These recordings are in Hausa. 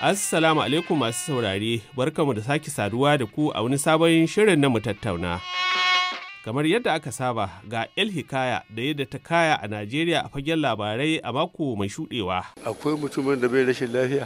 Assalamu alaikum masu saurare, barkamu da sake saduwa da ku a wani sabon shirin na mu tattauna. kamar yadda aka saba ga el hikaya da yadda ta kaya a najeriya a fagen labarai a mako mai shudewa akwai mutumin da bai rashin lafiya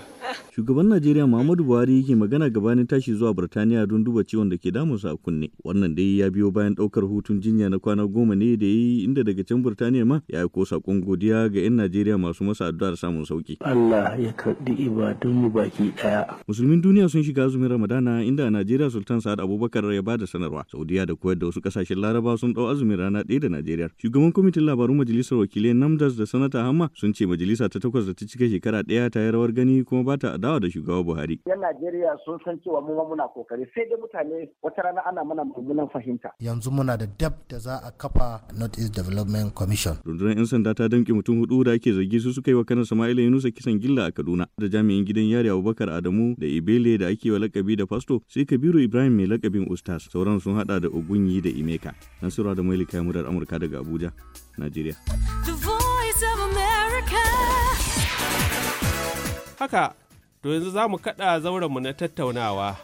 shugaban najeriya muhammadu buhari yake magana gabanin tashi zuwa birtaniya don duba ciwon da ke damunsa a kunne wannan dai ya biyo bayan daukar hutun jinya na kwana goma ne da ya yi inda daga can birtaniya ma ya aiko sakon godiya ga 'yan najeriya masu masa addu'ar samun sauki allah ya karɓi ibadunmu baki ɗaya musulmin duniya sun shiga azumin ramadana inda a najeriya sultan sa'ad abubakar ya ba da sanarwa saudiya da koyar da wasu kasashen Laraba sun dau azumin rana ɗaya da Najeriya. Shugaban kwamitin labarun majalisar wakilai Namdas da Sanata Hamma sun ce majalisa ta takwas da ta cika shekara ɗaya ta yi rawar gani kuma ba ta adawa da shugaba Buhari. Yan Najeriya sun san cewa mu muna kokari sai dai mutane wata rana ana mana mummunan fahimta. Yanzu muna da dab da za a kafa North East Development Commission. Rundunar 'yan sanda ta damƙe mutum huɗu da ake zargi su suka yi wa kanan Sama'ila Yunusa kisan gilla a Kaduna da jami'in gidan yari Abubakar Adamu da Ibele da ake wa lakabi da fasto sai Kabiru Ibrahim mai lakabin Ustaz sauran sun hada da Ogunyi da Imeka. Nasura da Maili kayan murar Amurka daga Abuja, Najeriya. Haka, to yanzu za mu kaɗa mu na tattaunawa.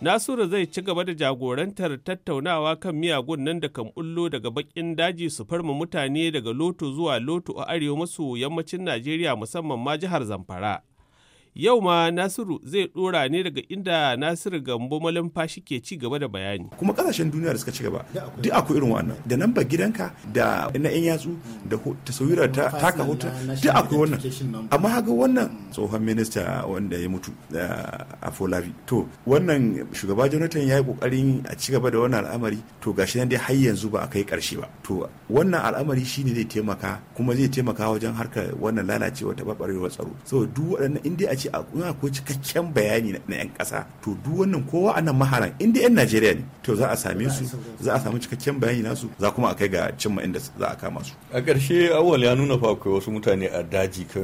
Nasiru zai ci gaba da jagorantar tattaunawa kan miyagun nan da kan bullo daga bakin daji su farma mutane daga loto zuwa loto a arewa maso yammacin Najeriya musamman ma jihar Zamfara. Yau ma Nasiru zai dora ne daga inda Nasiru Gambo Malumfashi ke ci gaba da bayani. Kuma kasashen duniya da suka ci gaba duk akwai irin wannan da namba gidanka da na yan yatsu da tasawira ta taka hota duk akwai wannan. Amma haka wannan tsohon minista wanda ya mutu eh, a Folari. To wannan shugaba Jonathan ya yi kokarin a ci gaba da wannan al'amari to gashi nan dai har yanzu ba a kai karshe ba. To wannan al'amari shine zai taimaka kuma zai taimaka wajen harkar wannan lalacewa ta babarewar tsaro. So duk waɗannan in dai ce a kuma ko cikakken bayani na yan kasa to duk wannan kowa anan maharan in yan Najeriya ne to za a same su za a samu cikakken bayani nasu za kuma a kai ga cimma inda za a kama su a ƙarshe awal ya nuna fa akwai wasu mutane a daji kai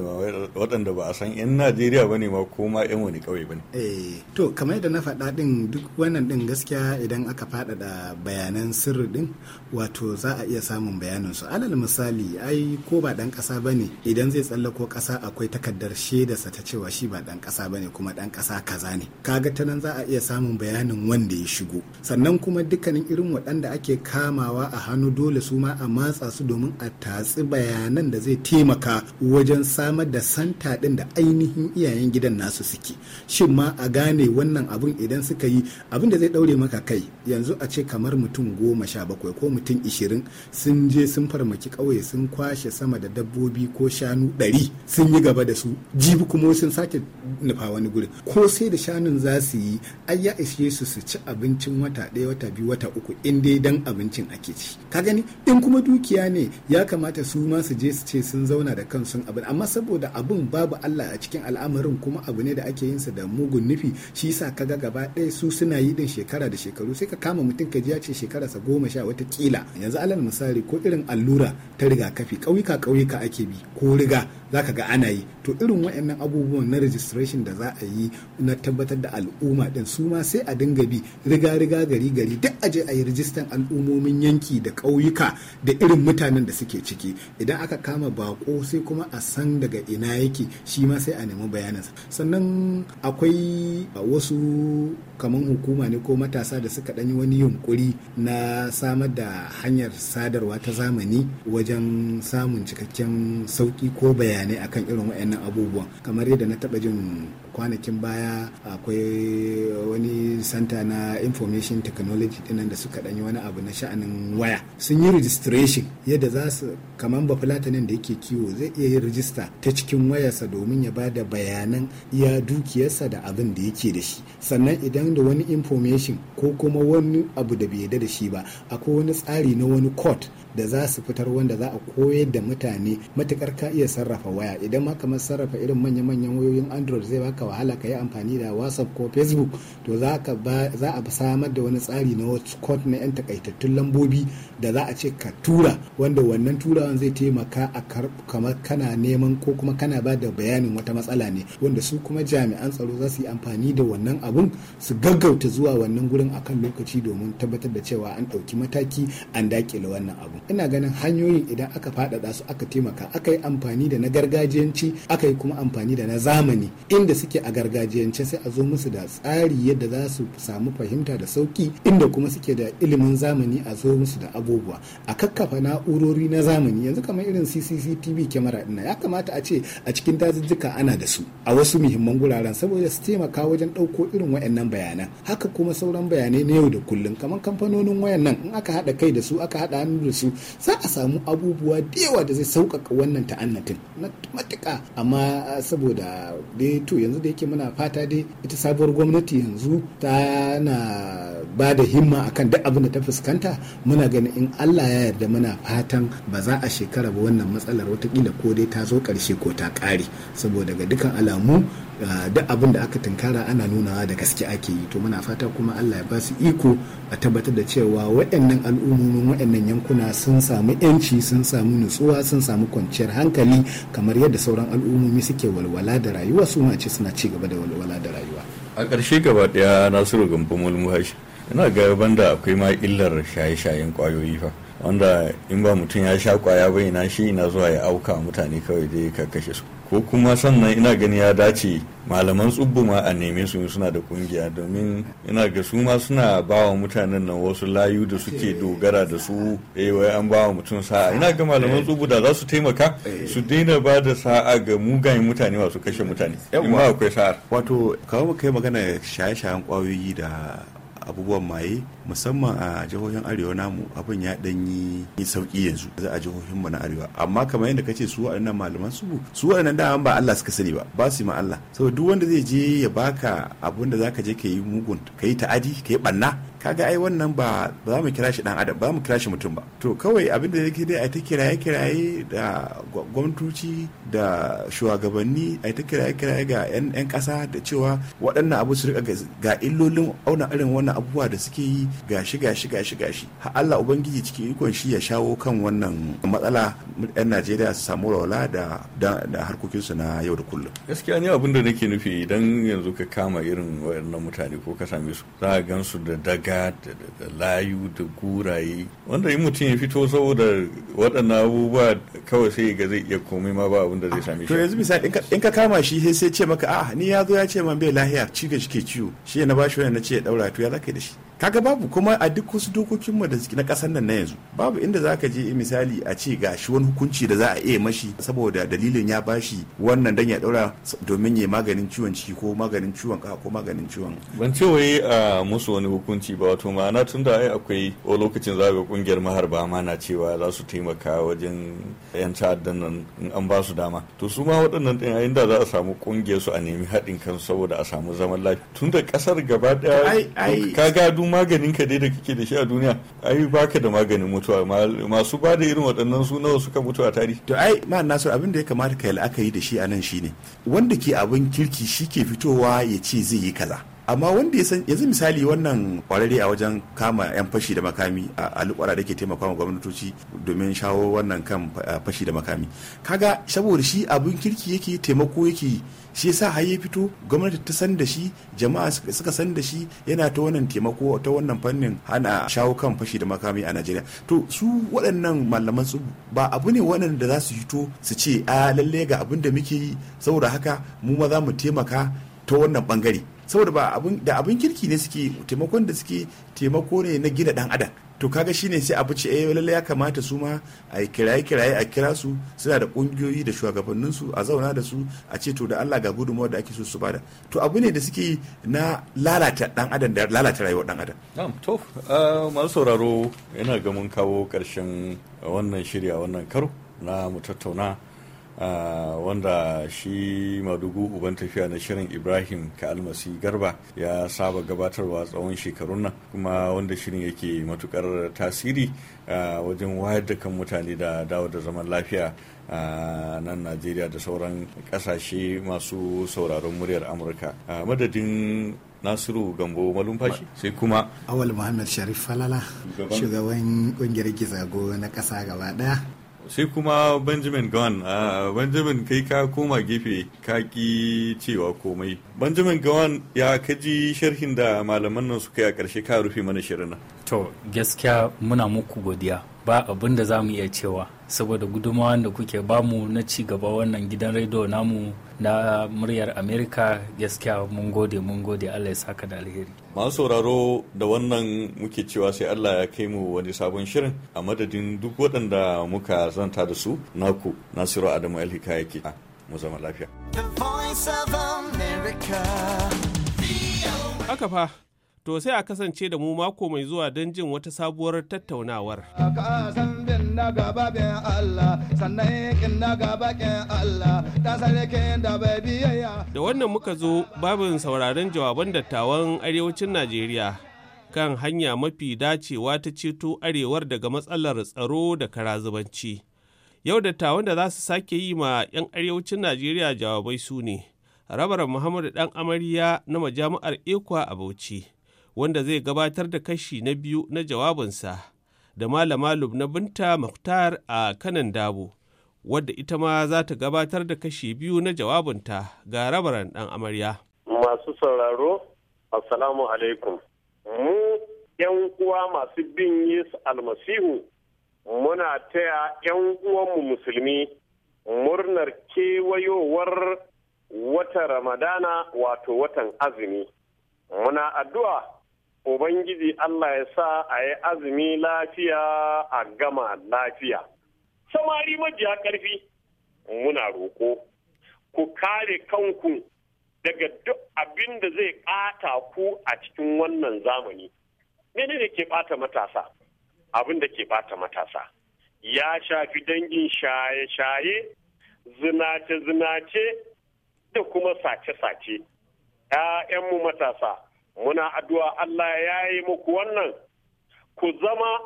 waɗanda ba a san yan Najeriya bane ma ko ma yan wani kauye bane eh to kamar yadda na faɗa din duk wannan din gaskiya idan aka faɗaɗa bayanan sirri din wato za a iya samun bayanin su alal misali ai ko ba dan ƙasa bane idan zai tsallako ƙasa akwai takardar shaidarsa ta cewa shi shi ba dan kasa bane kuma dan kasa kaza ne kaga ta nan za a iya samun bayanin wanda ya shigo sannan kuma dukkanin irin waɗanda ake kamawa a hannu dole su ma a matsa su domin a tatsi bayanan da zai taimaka wajen samar da santa ɗin da ainihin iyayen gidan nasu suke shin ma a gane wannan abun idan suka yi abin da zai ɗaure maka kai yanzu a ce kamar mutum goma sha bakwai ko mutum ishirin sun je sun farmaki ƙauye sun kwashe sama da dabbobi ko shanu ɗari sun yi gaba da su jibi kuma sun sake sake nufa wani guri ko sai da shanun za su yi ai ya ishe su su ci abincin wata ɗaya wata biyu wata uku in dai dan abincin ake ci ka gani in kuma dukiya ne ya kamata su ma su je su ce sun zauna da kansu abin amma saboda abin babu Allah a cikin al'amarin kuma abu ne da ake yin sa da mugun nufi shi yasa kaga gaba ɗaya su suna yi din shekara da shekaru sai ka kama mutum ka ji ya ce shekararsa goma sha wata kila yanzu alal misali ko irin allura ta rigakafi ƙauyuka ƙauyuka ake bi ko riga za ka ga ana yi to irin waɗannan abubuwan na registration da za a yi na tabbatar da al'umma din su ma sai a dinga bi riga riga gari gari duk je a yi rijistan al'ummomin yanki da ƙauyuka da irin mutanen da suke ciki idan aka kama bako sai kuma a san daga ina yake shi ma sai a nemi bayaninsa sannan akwai wasu kamar hukuma ne ko matasa da suka ɗanyi wani yunkuri na samar da hanyar sadarwa ta zamani wajen samun cikakken sauki ko bayani bayanai akan irin wayannan abubuwan kamar yadda na taba jin kwanakin baya akwai wani santa na information technology dinan da suka danyi wani abu na sha'anin waya sun yi registration yadda za su kamar ba fulatanin da yake kiwo zai iya yin register ta cikin wayarsa domin ya ba da bayanan iya dukiyarsa da abin da yake da shi sannan idan da wani information ko kuma wani abu da bai yarda da shi ba akwai wani tsari na wani court da za su fitar wanda za a koyar da mutane matukar ka iya sarrafa waya idan ma kamar sarrafa irin manya-manyan wayoyin android zai baka wahala ka yi amfani da whatsapp ko facebook to za a samar da wani tsari na hotspot na 'yan takaitattun lambobi da za a ce ka tura wanda wannan turawan zai taimaka a kamar kana neman ko kuma kana ba da bayanin wata matsala ne wanda su kuma jami'an tsaro za su yi amfani da wannan abun su gaggauta zuwa wannan gurin akan lokaci domin tabbatar da cewa an ɗauki mataki an dakile wannan abun. ina ganin hanyoyin idan aka faɗaɗa su aka taimaka aka yi amfani da na gargajiyanci aka yi kuma amfani da na zamani inda suke a gargajiyance sai a zo musu da tsari yadda za su samu fahimta da sauki inda kuma suke da ilimin zamani a zo musu da abubuwa a kakkafa na'urori na zamani yanzu kamar irin CCTV kyamara ina ya kamata a ce a cikin dazuzzuka ana da su a wasu muhimman guraren saboda su taimaka wajen ɗauko irin wayannan bayanan haka kuma sauran bayanai na yau da kullum kamar kamfanonin wayannan in aka haɗa kai da su aka haɗa hannu da su za a samu abubuwa da yawa da zai sauƙaƙa wannan ta'annatin na matuƙa amma ah, saboda da to yanzu da yake muna fata dai ita sabuwar gwamnati yanzu tana ba da himma akan duk abin da ta fuskanta muna ganin in Allah ya yarda muna fatan ba za a shekara ba wannan matsalar watakila ko dai ta zo ƙarshe ko ta ƙare saboda ga dukkan alamu Ah, duk abin da aka tunkara ana nunawa da gaske ake yi to muna fata kuma Allah ya basu iko a tabbatar da cewa waɗannan al'ummomin waɗannan yankuna sun samu yanci sun samu nutsuwa sun samu kwanciyar hankali kamar yadda sauran al'ummomi suke walwala da rayuwa su ce suna ci gaba da walwala da rayuwa a ƙarshe gaba ɗaya nasiru gambo mulmuhashi ina ga banda akwai ma illar shaye-shayen kwayoyi fa wanda in ba mutum ya sha kwaya bai na shi ina zuwa ya auka mutane kawai dai ka kashe su ko kuma sannan ina gani ya dace malaman tsubbu ma a neme su suna da kungiya domin ina ga su ma suna ba wa mutanen nan wasu layu da suke dogara da su eh wai an ba wa mutum sa'a ina ga malaman eh. tsubbu da za su taimaka eh. su daina ba da sa'a ga mugayen mutane masu kashe mutane in akwai sa'ar wato kawo kai magana shaye-shayen kwayoyi da abubuwan maye musamman a jihohin arewa namu abin ya yi sauki yanzu za a jihohin mu na arewa amma kamar yadda kace su waɗannan malaman su su waɗannan da ba Allah suka sani ba ba su ma Allah saboda duk wanda zai je ya baka abun da zaka je ka yi mugun ka yi ta'adi ka yi banna kaga ai wannan ba za mu kira shi dan adam ba mu kira shi mutum ba to kawai abin da yake dai a ta kiraye kiraye da gwamnatoci da shugabanni a ta kiraye kiraye ga yan yan kasa da cewa waɗannan abu su rika ga illolin auna irin wannan abubuwa da suke yi gashi gashi gashi gashi ha Allah ubangiji cikin ikon shi ya shawo kan wannan matsala yan Najeriya su samu rawala da da harkokinsu na yau da kullum gaskiya ne abin da nake nufi idan yanzu ka kama irin wayannan mutane ko ka same su za a gansu da daga da layu da guraye wanda in mutum ya fito saboda waɗannan abubuwa kawai sai ga zai iya komai ma ba abin da zai same shi to yanzu misali in ka kama shi sai ce maka a ni ya zo ya ce man bai lahiya ci ga shi ke ciwo shi na bashi wani na ce ya daura to ya zaka da shi kaga babu kuma a duk wasu dokokin mu da na kasan nan na yanzu babu inda zaka je misali a ce gashi wani hukunci da za a iya mashi saboda dalilin ya bashi wannan dan ya daura domin ya maganin ciwon ciki ko maganin ciwon ka ko maganin ciwon ban ce wai a musu wani hukunci ba wato ma'ana tunda ai akwai o lokacin zaga kungiyar maharba ma na cewa za su taimaka wajen yan ta'addan nan in an ba su dama to su ma waɗannan din yayin da za a samu kungiyar su a nemi haɗin kan saboda a samu zaman lafiya tunda kasar gaba ɗaya ka gado duk maganin ka dai da kake da shi a duniya ai baka da maganin mutuwa masu ba da irin waɗannan su nawa suka mutu a tari to ai ma nasir abin da ya kamata ka yi la'akari da shi a nan shine wanda ke abin kirki shi ke fitowa ya ce zai yi kaza amma wanda ya san yanzu misali wannan kwararre a wajen kama 'yan fashi da makami a alƙwara da ke taimaka wa gwamnatoci domin shawo wannan kan fashi da makami kaga saboda shi abin kirki yake taimako yake shi yasa har ya fito gwamnati ta san da shi jama'a suka san da shi yana ta wannan taimako ta wannan fannin hana shawo kan fashi da makami a Najeriya to su waɗannan malaman su ba abu ne waɗanda za su to su ce a lalle ga abin da muke yi saboda haka mu ma za mu taimaka ta wannan bangare saboda ba da abin kirki ne suke taimakon da suke taimako ne na gina dan adam to kaga shine sai abu ce eh lalle ya kamata su ma a yi kiraye kiraye a kira su suna da kungiyoyi da shugabannin su a zauna da su a ce to da Allah ga gudunmawar da ake so su bada to abu ne da suke na lalata dan adam da lalata rayuwar dan adam na'am to eh, masu sauraro yana ga mun kawo karshen wannan shirya wannan karo na mu tattauna Ah, wanda shi madugu uban tafiya na shirin ibrahim ka Almasi garba ya saba gabatarwa tsawon shekarun nan kuma wanda shirin yake matukar tasiri ah, wajen wayar da kan mutane da dawo da zaman lafiya a ah, nan najeriya da sauran kasashe masu sauraron muryar amurka madadin nasiru gambo malumfashi sai kuma awal muhammad sharif falala shugaban kungiyar gizago na kasa gaba daya sai kuma benjamin gawan benjamin kai ka koma gefe ka ki cewa komai benjamin gawan ya kaji sharhin da malaman nan suka yi a karshe ka rufe mana shirin to gaskiya muna muku godiya ba abin da za mu iya cewa saboda gudunmawar da kuke bamu na ci gaba wannan gidan rediyo namu na muryar amerika gaskiya mun gode mun gode allah ya saka da alheri masu sauraro da wannan muke cewa sai allah ya kai mu wani sabon shirin a madadin duk waɗanda muka zanta da su naku nasiru adamu alhika yake mu zama lafiya haka fa To sai a kasance da mu mako mai zuwa don jin wata sabuwar tattaunawar. Da wannan muka zo babin sauraron jawaban dattawan arewacin Najeriya kan hanya mafi dacewa ta ceto arewar daga matsalar tsaro da karazubanci. Yau dattawan da za su sake yi ma 'yan arewacin Najeriya jawabai su ne, rabar Muhammadu ɗan amarya na majami'ar Ekwa a Bauchi. wanda zai gabatar da kashi na biyu na jawabinsa da malama na binta Muktar a kanan dabo wadda ita ma za ta gabatar da kashi biyu na jawabinta ga rabaran dan amarya. Masu sauraro, Assalamu alaikum. Mu ‘yan uwa masu bin Yesu almasihu muna taya ‘yan uwanmu musulmi murnar kewayowar wata Ramadana wato watan azumi. Muna addu'a Ubangiji Allah ya sa a yi azumi lafiya a gama lafiya. Samari majiya ƙarfi, muna roƙo, ku kare kanku daga duk abin da zai ƙata ku a cikin wannan zamani. Mene ne ke ɓata matasa? Abin da ke ɓata matasa. Ya shafi dangin shaye-shaye, zinace-zinace da kuma sace-sace. ‘Ya'yanmu matasa. muna addu'a Allah ya yi muku wannan ku zama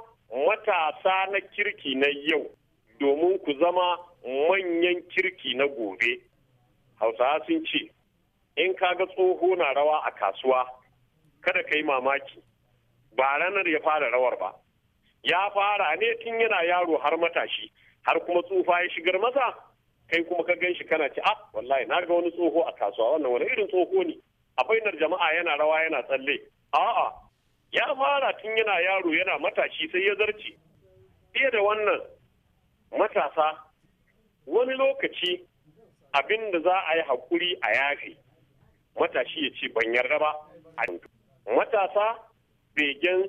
matasa na kirki na yau domin ku zama manyan kirki na gobe hausawa sun ce in ka ga tsoho na rawa a kasuwa kada ka yi mamaki ba ranar ya fara rawar ba ya fara ne tun yana yaro har matashi har kuma tsufa ya shigar masa kai kuma ka gan shi kana ci ah wallahi na ga wani tsoho a kasuwa wannan wani irin tsoho ne a bainar jama'a yana rawa yana tsalle a'a ya fara tun yana yaro yana matashi sai ya zarci. fiye da wannan matasa wani lokaci abin da za a yi haƙuri a yafe matashi ya ce ban yarda ba a matasa begen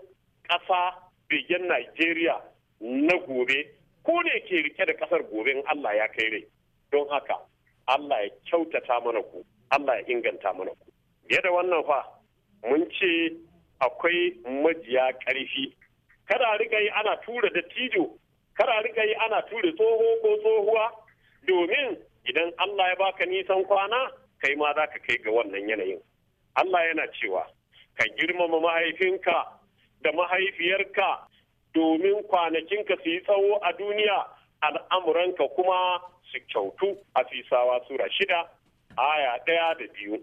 ƙasa begen Najeriya na gobe ko ne ke rike da ƙasar gobe in Allah ya kai rai don haka Allah ya kyautata mana ku Allah ya inganta mana ku fiye da wannan fa mun ce akwai majiya karfi. kada rika yi ana tura dattijo kada rika yi ana tura tsoho ko tsohuwa domin idan Allah ya baka nisan kwana kai ma za ka kai ga wannan yanayin Allah yana cewa ka girmama mahaifinka da mahaifiyarka domin kwanakinka su yi tsawo a duniya al'amuranka kuma su kyautu a fisawa sura shida aya ɗaya da biyu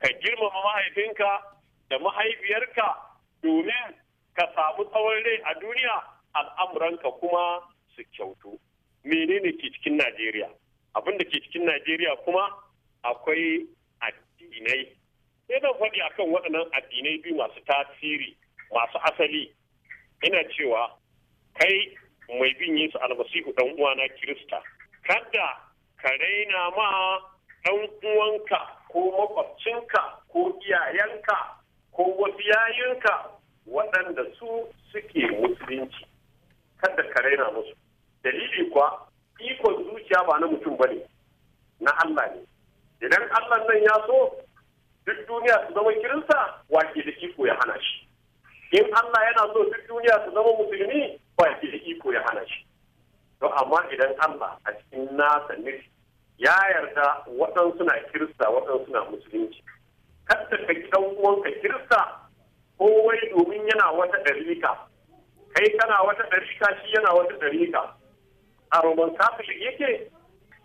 ka girmama mahaifinka da mahaifiyarka domin ka samu tsawon rai a duniya al'amuranka kuma su kyautu menene ke cikin najeriya abin da ke cikin najeriya kuma akwai addinai sai zan faɗi akan waɗannan addinai biyu masu tasiri masu asali ina cewa kai mai bin yesu almasihu dan uwana kirista kada ka raina ma dan uwanka ko makwabcinka ko iyayenka ko wasu yayinka waɗanda su suke musulunci kada ka raina musu dalili kuwa ikon zuciya ba na mutum bane na Allah ne idan Allah nan ya so duk duniya su zama kirinsa wake da iko ya hana shi in Allah yana so duk duniya su zama musulmi wake da iko ya hana shi to amma idan Allah a cikin nasa nufi ya yarda waɗansu na kirista waɗansu na musulunci kasta ka kyan uwanka kirista ko wai domin yana wata ɗarika kai kana wata ɗarika shi yana wata ɗarika a roman catholic yake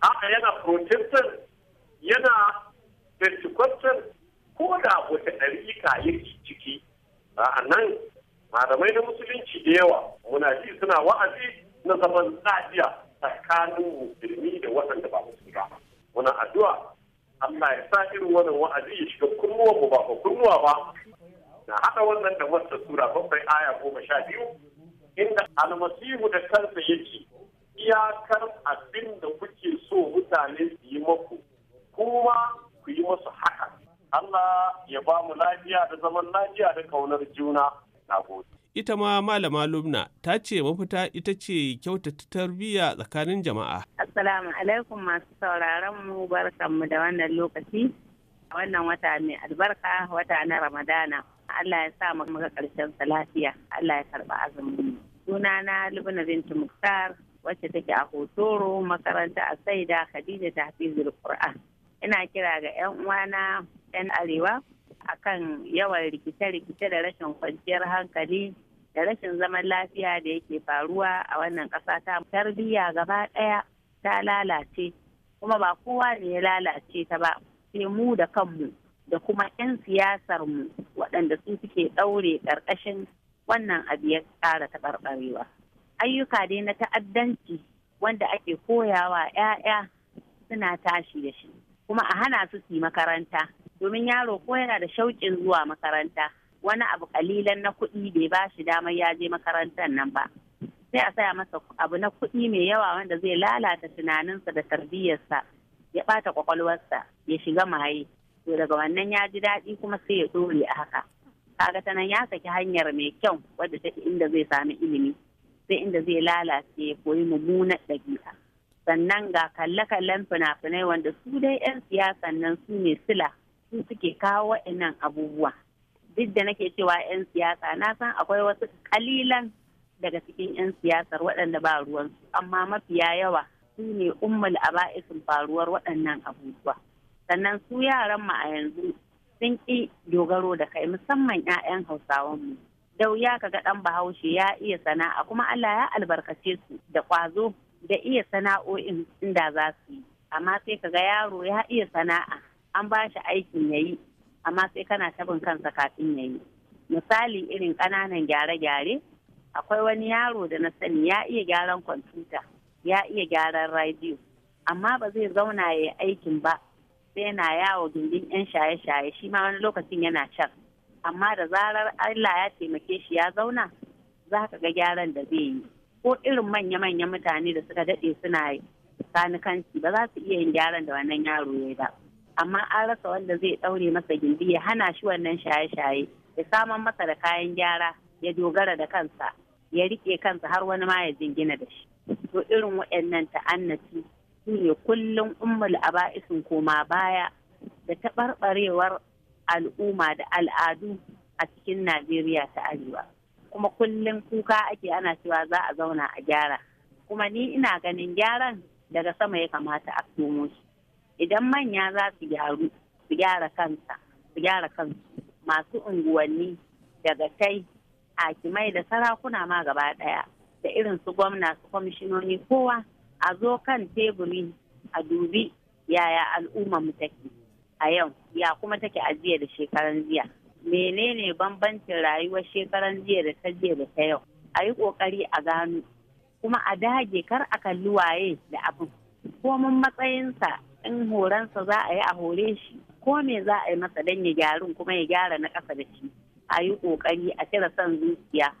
a'a yana protestant yana pentecostal ko da wata ɗarika yake ciki a nan malamai na musulunci da yawa muna ji suna wa'azi na zaman lafiya tsakanin musulmi da waɗanda ba musulmi ba Wani addu'a Allah ya sa irin wannan wa'azi ya shiga kunnuwan mu ba ko kunnuwa ba na haɗa wannan da wata sura bakwai aya goma sha biyu inda almasihu da kansa yake iyakar abin da kuke so mutane su yi maku kuma ku yi masu haka Allah ya ba mu lafiya da zaman lafiya da kaunar juna na gode ita ma malama lumna ta ce mafita ita ce kyautata tarbiyya tsakanin jama'a. Assalamu alaikum masu sauraron mu barkanmu da wannan lokaci a wannan wata mai albarka wata na Ramadana. Allah ya sa mu ga karshen sa lafiya. Allah ya karɓi azumin. Sunana Lubna binti Muktar wacce take a Hotoro makaranta a Saida Khadija Tahfizul Qur'an. Ina kira ga 'yan uwana 'yan Arewa akan yawan rikice-rikice da rashin kwanciyar hankali da rashin zaman lafiya da yake faruwa a wannan ƙasa ta tarbiyya gaba ɗaya ta lalace kuma ba kowa ne ya lalace ta ba sai mu da kanmu da kuma 'yan siyasar mu waɗanda su suke ɗaure ƙarƙashin wannan abu ya ƙara taɓarɓarewa. Ayyuka dai na ta'addanci wanda ake koyawa 'ya'ya suna tashi da shi kuma a hana su su makaranta domin yaro ko yana da shauƙin zuwa makaranta wani abu kalilan na kuɗi bai ba shi damar ya je makarantar nan ba sai a saya masa abu na kuɗi mai yawa wanda zai lalata tunaninsa da tarbiyyarsa ya ɓata kwakwalwarsa ya shiga maye to daga wannan ya ji daɗi kuma sai ya ɗore a haka kaga ta nan ya saki hanyar mai kyau wadda ta inda zai sami ilimi sai inda zai lalace ya koyi mummunan ɗabi'a sannan ga kalle-kallen fina-finai wanda su dai 'yan siyasan nan su ne sila su suke kawo waɗannan abubuwa duk da nake cewa 'yan siyasa na san akwai wasu kalilan daga cikin 'yan siyasar waɗanda ba ruwansu amma mafiya yawa su ne ummul aba'isin faruwar waɗannan abubuwa sannan su yaran mu a yanzu sun ƙi dogaro da kai musamman 'ya'yan hausawan mu dau ya kaga ɗan bahaushe ya iya sana'a kuma Allah ya albarkace su da ƙwazo da iya sana'o'in inda za su yi amma sai kaga yaro ya iya sana'a an ba shi aikin ya yi amma sai kana tabin kansa kafin ya yi misali irin ƙananan gyare-gyare akwai wani yaro da na sani ya iya gyaran kwamfuta ya iya gyaran radiyo amma ba zai zauna ya yi aikin ba sai yana yawo gindin 'yan shaye-shaye shi ma wani lokacin yana can amma da zarar allah ya taimake shi ya zauna za ka ga gyaran da zai yi ko irin manya-manyan mutane da suka daɗe suna kanikanci ba za su iya yin gyaran da wannan yaro ya yi ba amma an rasa wanda zai ɗaure masa gindi ya hana shi wannan shaye-shaye ya saman masa da kayan gyara ya dogara da kansa ya riƙe kansa har wani ma ya jingina da shi to irin waɗannan ta'annati su ne kullum ummul aba'isin koma baya da taɓarɓarewar al'umma da al'adu a cikin najeriya ta arewa kuma kullum kuka ake ana cewa za a zauna a gyara kuma ni ina ganin gyaran daga sama ya kamata a komo shi idan manya za su gyaru su gyara kansa su gyara kansu masu unguwanni daga tai hakimai da sarakuna ma gaba daya da irin su gwamna su kwamishinoni kowa a zo kan teburi a dubi yaya al'umma mu take a yau ya kuma take a jiya da shekaran jiya menene bambancin rayuwar shekaran jiya da ta jiya da ta yau a yi kokari a gano kuma a dage kar a kalli waye da abin komin matsayinsa in horonsa za a yi a hore shi ko me za a yi masa dan ya gyaru kuma ya gyara na ƙasa da shi a yi ƙoƙari a cire san zuciya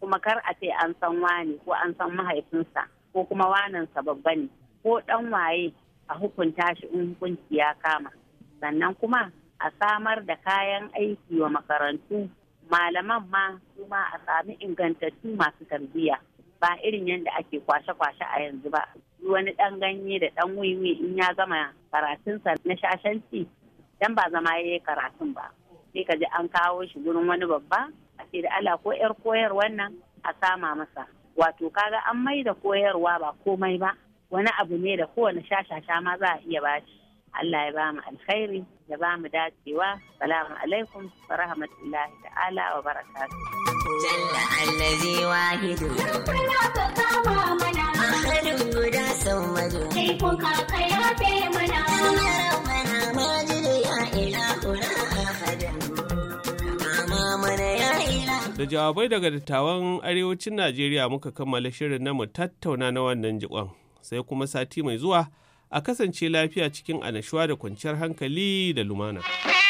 kuma kar a ce an san wani ko an san mahaifinsa ko kuma wanansa babba ne ko ɗan waye a hukunta shi in hukunci ya kama sannan kuma a samar da kayan aiki wa makarantu malaman ma kuma a sami ingantattu masu tarbiyya ba irin yadda ake kwashe-kwashe a yanzu ba wani ɗan ganye da ɗan wiwi in ya gama karatunsa na shashanci dan ba zama ya yi karatun ba sai ka ji an kawo shi gurin wani babba a ce da ala ko yar koyar wannan a sama masa wato kaga an mai da koyarwa ba komai ba wani abu ne da kowane shashasha ma za a iya bashi Allah ya ba mu alkhairi ya ba mu dacewa salamu alaikum wa rahmatullahi ta'ala wa barakatuh Jalla mana. guda Da jawabai daga dattawan arewacin Najeriya muka kammala shirin na tattauna na wannan jikon. Sai kuma sati mai zuwa a kasance lafiya cikin anashuwa da kwanciyar hankali da lumana.